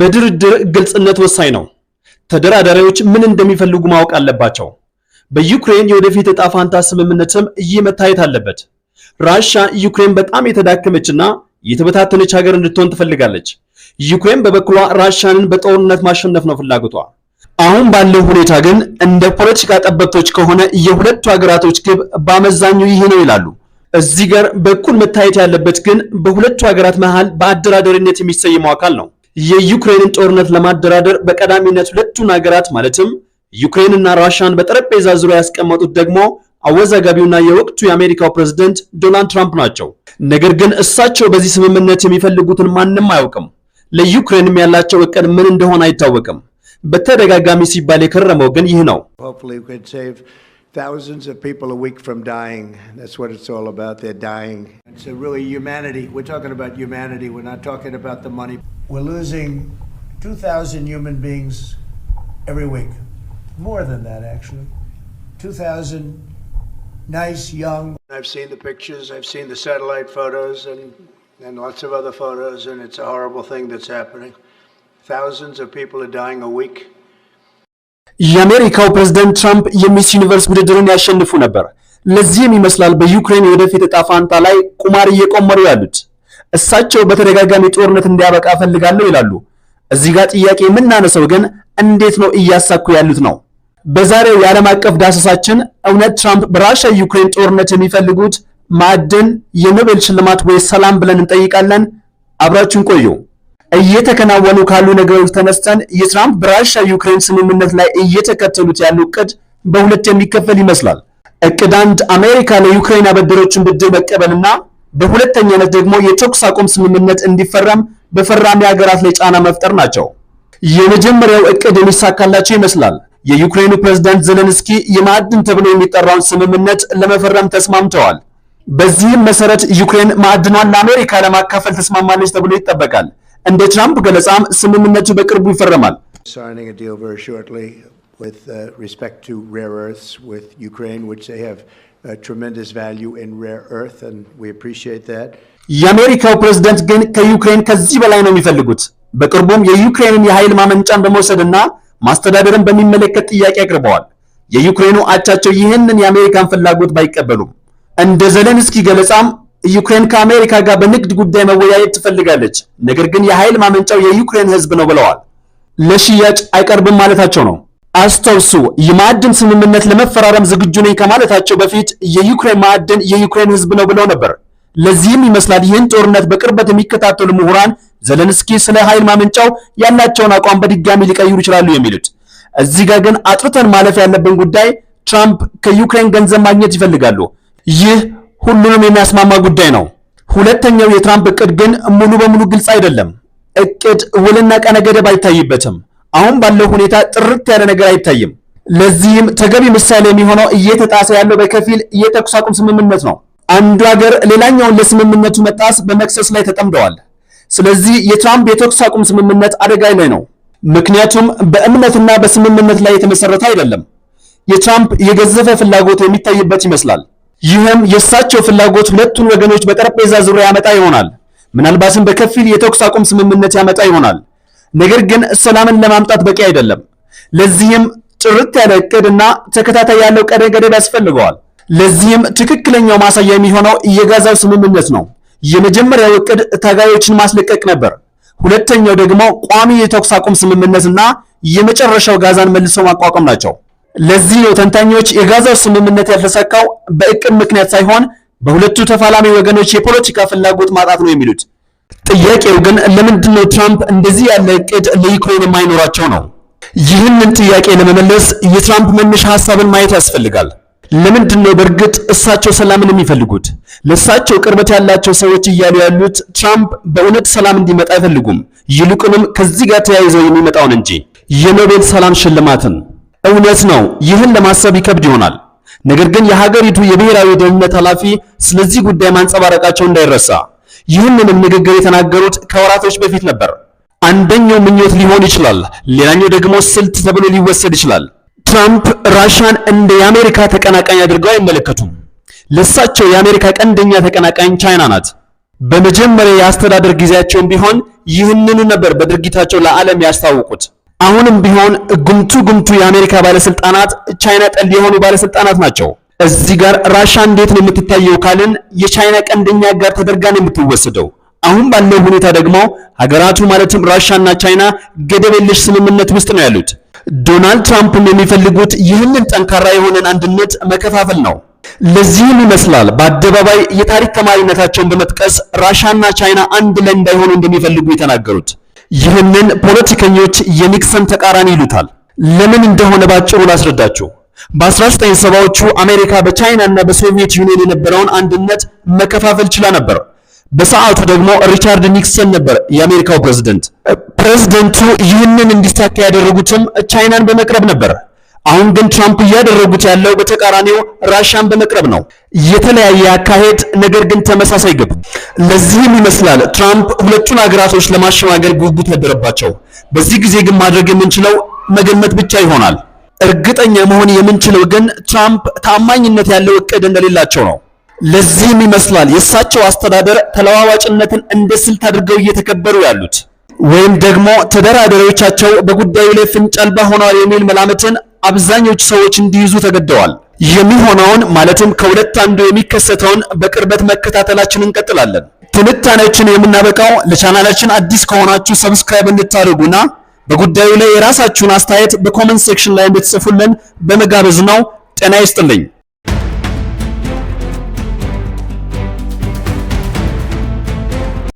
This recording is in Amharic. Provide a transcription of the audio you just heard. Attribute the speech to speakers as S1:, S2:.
S1: በድርድር ግልጽነት ወሳኝ ነው። ተደራዳሪዎች ምን እንደሚፈልጉ ማወቅ አለባቸው። በዩክሬን የወደፊት እጣ ፋንታ ስምምነትም ይህ መታየት አለበት። ራሻ ዩክሬን በጣም የተዳከመችና የተበታተነች ሀገር እንድትሆን ትፈልጋለች። ዩክሬን በበኩሏ ራሻንን በጦርነት ማሸነፍ ነው ፍላጎቷ። አሁን ባለው ሁኔታ ግን እንደ ፖለቲካ ጠበብቶች ከሆነ የሁለቱ ሀገራቶች ግብ በአመዛኙ ይህ ነው ይላሉ። እዚህ ጋር በኩል መታየት ያለበት ግን በሁለቱ ሀገራት መሃል በአደራደሪነት የሚሰየመው አካል ነው። የዩክሬንን ጦርነት ለማደራደር በቀዳሚነት ሁለቱን ሀገራት ማለትም ዩክሬንና ራሽያን በጠረጴዛ ዙሪያ ያስቀመጡት ደግሞ አወዛጋቢውና የወቅቱ የአሜሪካው ፕሬዝደንት ዶናልድ ትራምፕ ናቸው። ነገር ግን እሳቸው በዚህ ስምምነት የሚፈልጉትን ማንም አያውቅም። ለዩክሬንም ያላቸው እቅድ ምን እንደሆነ አይታወቅም። በተደጋጋሚ ሲባል የከረመው ግን ይህ ነው።
S2: thousands of people a week from dying. That's what it's all about. They're dying. It's really humanity. We're talking about humanity. We're not talking about the money. We're losing 2,000 human beings every week. More than that, actually. 2,000 nice, young. I've seen the pictures, I've seen the satellite photos, and, and lots of other photos, and it's a horrible thing that's happening. Thousands of people are dying a week.
S1: የአሜሪካው ፕሬዝደንት ትራምፕ የሚስ ዩኒቨርስ ውድድርን ያሸንፉ ነበር። ለዚህም ይመስላል በዩክሬን የወደፊት እጣ ፋንታ ላይ ቁማር እየቆመሩ ያሉት። እሳቸው በተደጋጋሚ ጦርነት እንዲያበቃ እፈልጋለሁ ይላሉ። እዚህ ጋር ጥያቄ የምናነሰው ግን እንዴት ነው እያሳኩ ያሉት ነው። በዛሬው የዓለም አቀፍ ዳሰሳችን እውነት ትራምፕ በራሻ ዩክሬን ጦርነት የሚፈልጉት ማዕድን፣ የኖቤል ሽልማት ወይ ሰላም ብለን እንጠይቃለን። አብራችን ቆዩ። እየተከናወኑ ካሉ ነገሮች ተነስተን የትራምፕ በራሻ ዩክሬን ስምምነት ላይ እየተከተሉት ያለው እቅድ በሁለት የሚከፈል ይመስላል። እቅድ አንድ አሜሪካ ለዩክሬን አበደሮችን ብድር መቀበልና በሁለተኛነት ደግሞ የተኩስ አቁም ስምምነት እንዲፈረም በፈራሚ ሀገራት ላይ ጫና መፍጠር ናቸው። የመጀመሪያው እቅድ የሚሳካላቸው ይመስላል። የዩክሬኑ ፕሬዝዳንት ዘለንስኪ የማዕድን ተብሎ የሚጠራውን ስምምነት ለመፈረም ተስማምተዋል። በዚህም መሰረት ዩክሬን ማዕድኗን ለአሜሪካ ለማካፈል ተስማማለች ተብሎ ይጠበቃል። እንደ ትራምፕ ገለጻም ስምምነቱ በቅርቡ ይፈረማል።
S2: uh, uh,
S1: የአሜሪካው ፕሬዝደንት ግን ከዩክሬን ከዚህ በላይ ነው የሚፈልጉት። በቅርቡም የዩክሬንን የኃይል ማመንጫን በመውሰድና ማስተዳደርን በሚመለከት ጥያቄ አቅርበዋል። የዩክሬኑ አቻቸው ይህንን የአሜሪካን ፍላጎት ባይቀበሉም እንደ ዘለንስኪ ገለጻም ዩክሬን ከአሜሪካ ጋር በንግድ ጉዳይ መወያየት ትፈልጋለች፣ ነገር ግን የኃይል ማመንጫው የዩክሬን ህዝብ ነው ብለዋል። ለሽያጭ አይቀርብም ማለታቸው ነው። አስተውሱ፣ የማዕድን ስምምነት ለመፈራረም ዝግጁ ነኝ ከማለታቸው በፊት የዩክሬን ማዕድን የዩክሬን ህዝብ ነው ብለው ነበር። ለዚህም ይመስላል ይህን ጦርነት በቅርበት የሚከታተሉ ምሁራን ዘለንስኪ ስለ ኃይል ማመንጫው ያላቸውን አቋም በድጋሚ ሊቀይሩ ይችላሉ የሚሉት። እዚህ ጋር ግን አጥርተን ማለፍ ያለብን ጉዳይ ትራምፕ ከዩክሬን ገንዘብ ማግኘት ይፈልጋሉ። ይህ ሁሉንም የሚያስማማ ጉዳይ ነው። ሁለተኛው የትራምፕ እቅድ ግን ሙሉ በሙሉ ግልጽ አይደለም። እቅድ ውልና ቀነ ገደብ አይታይበትም። አሁን ባለው ሁኔታ ጥርት ያለ ነገር አይታይም። ለዚህም ተገቢ ምሳሌ የሚሆነው እየተጣሰ ያለው በከፊል የተኩስ አቁም ስምምነት ነው። አንዱ ሀገር ሌላኛውን ለስምምነቱ መጣስ በመክሰስ ላይ ተጠምደዋል። ስለዚህ የትራምፕ የተኩስ አቁም ስምምነት አደጋ ላይ ነው። ምክንያቱም በእምነትና በስምምነት ላይ የተመሰረተ አይደለም። የትራምፕ የገዘፈ ፍላጎት የሚታይበት ይመስላል። ይህም የእሳቸው ፍላጎት ሁለቱን ወገኖች በጠረጴዛ ዙሪያ ያመጣ ይሆናል። ምናልባትም በከፊል የተኩስ አቁም ስምምነት ያመጣ ይሆናል። ነገር ግን ሰላምን ለማምጣት በቂ አይደለም። ለዚህም ጥርት ያለ እቅድና ተከታታይ ያለው ቀነ ገደብ ያስፈልገዋል። ለዚህም ትክክለኛው ማሳያ የሚሆነው የጋዛው ስምምነት ነው። የመጀመሪያው እቅድ ታጋዮችን ማስለቀቅ ነበር። ሁለተኛው ደግሞ ቋሚ የተኩስ አቁም ስምምነትና የመጨረሻው ጋዛን መልሶ ማቋቋም ናቸው። ለዚህ ነው ተንታኞች የጋዛው ስምምነት ያልተሳካው በእቅድ ምክንያት ሳይሆን በሁለቱ ተፋላሚ ወገኖች የፖለቲካ ፍላጎት ማጣት ነው የሚሉት። ጥያቄው ግን ለምንድን ነው ትራምፕ እንደዚህ ያለ እቅድ ለዩክሬን የማይኖራቸው ነው? ይህንን ጥያቄ ለመመለስ የትራምፕ መነሻ ሀሳብን ማየት ያስፈልጋል። ለምንድን ነው በእርግጥ እሳቸው ሰላምን የሚፈልጉት? ለእሳቸው ቅርበት ያላቸው ሰዎች እያሉ ያሉት ትራምፕ በእውነት ሰላም እንዲመጣ አይፈልጉም፣ ይልቁንም ከዚህ ጋር ተያይዘው የሚመጣውን እንጂ የኖቤል ሰላም ሽልማትን እውነት ነው። ይህን ለማሰብ ይከብድ ይሆናል። ነገር ግን የሀገሪቱ የብሔራዊ ደህንነት ኃላፊ ስለዚህ ጉዳይ ማንጸባረቃቸው እንዳይረሳ። ይህንንም ንግግር የተናገሩት ከወራቶች በፊት ነበር። አንደኛው ምኞት ሊሆን ይችላል፣ ሌላኛው ደግሞ ስልት ተብሎ ሊወሰድ ይችላል። ትራምፕ ራሽያን እንደ የአሜሪካ ተቀናቃኝ አድርገው አይመለከቱም። ለሳቸው የአሜሪካ ቀንደኛ ተቀናቃኝ ቻይና ናት። በመጀመሪያ የአስተዳደር ጊዜያቸውም ቢሆን ይህንኑ ነበር በድርጊታቸው ለዓለም ያስታወቁት። አሁንም ቢሆን ጉምቱ ጉምቱ የአሜሪካ ባለስልጣናት ቻይና ጠል የሆኑ ባለስልጣናት ናቸው። እዚህ ጋር ራሻ እንዴት ነው የምትታየው ካልን የቻይና ቀንደኛ ጋር ተደርጋ ነው የምትወሰደው። አሁን ባለው ሁኔታ ደግሞ ሀገራቱ ማለትም ራሻና ቻይና ገደብ የለሽ ስምምነት ውስጥ ነው ያሉት። ዶናልድ ትራምፕም የሚፈልጉት ይህንን ጠንካራ የሆነን አንድነት መከፋፈል ነው። ለዚህም ይመስላል በአደባባይ የታሪክ ተማሪነታቸውን በመጥቀስ ራሻና ቻይና አንድ ላይ እንዳይሆኑ እንደሚፈልጉ የተናገሩት። ይህንን ፖለቲከኞች የኒክሰን ተቃራኒ ይሉታል። ለምን እንደሆነ ባጭሩ ላስረዳችሁ። በ1970ዎቹ አሜሪካ በቻይና እና በሶቪየት ዩኒየን የነበረውን አንድነት መከፋፈል ችላ ነበር። በሰዓቱ ደግሞ ሪቻርድ ኒክሰን ነበር የአሜሪካው ፕሬዝደንት። ፕሬዝደንቱ ይህንን እንዲሳካ ያደረጉትም ቻይናን በመቅረብ ነበር። አሁን ግን ትራምፕ እያደረጉት ያለው በተቃራኒው ራሻን በመቅረብ ነው። የተለያየ አካሄድ፣ ነገር ግን ተመሳሳይ ግብ። ለዚህም ይመስላል ትራምፕ ሁለቱን አገራቶች ለማሸማገል ጉጉት ነበረባቸው። በዚህ ጊዜ ግን ማድረግ የምንችለው መገመት ብቻ ይሆናል። እርግጠኛ መሆን የምንችለው ግን ትራምፕ ታማኝነት ያለው እቅድ እንደሌላቸው ነው። ለዚህም ይመስላል የእሳቸው አስተዳደር ተለዋዋጭነትን እንደ ስልት አድርገው እየተከበሩ ያሉት ወይም ደግሞ ተደራዳሪዎቻቸው በጉዳዩ ላይ ፍንጭ አልባ ሆነዋል የሚል መላምትን አብዛኞቹ ሰዎች እንዲይዙ ተገደዋል። የሚሆነውን ማለትም ከሁለት አንዱ የሚከሰተውን በቅርበት መከታተላችን እንቀጥላለን። ትንታኔዎችን የምናበቃው ለቻናላችን አዲስ ከሆናችሁ ሰብስክራይብ እንድታደርጉና በጉዳዩ ላይ የራሳችሁን አስተያየት በኮመንት ሴክሽን ላይ እንድትጽፉልን በመጋበዝ ነው። ጤና ይስጥልኝ።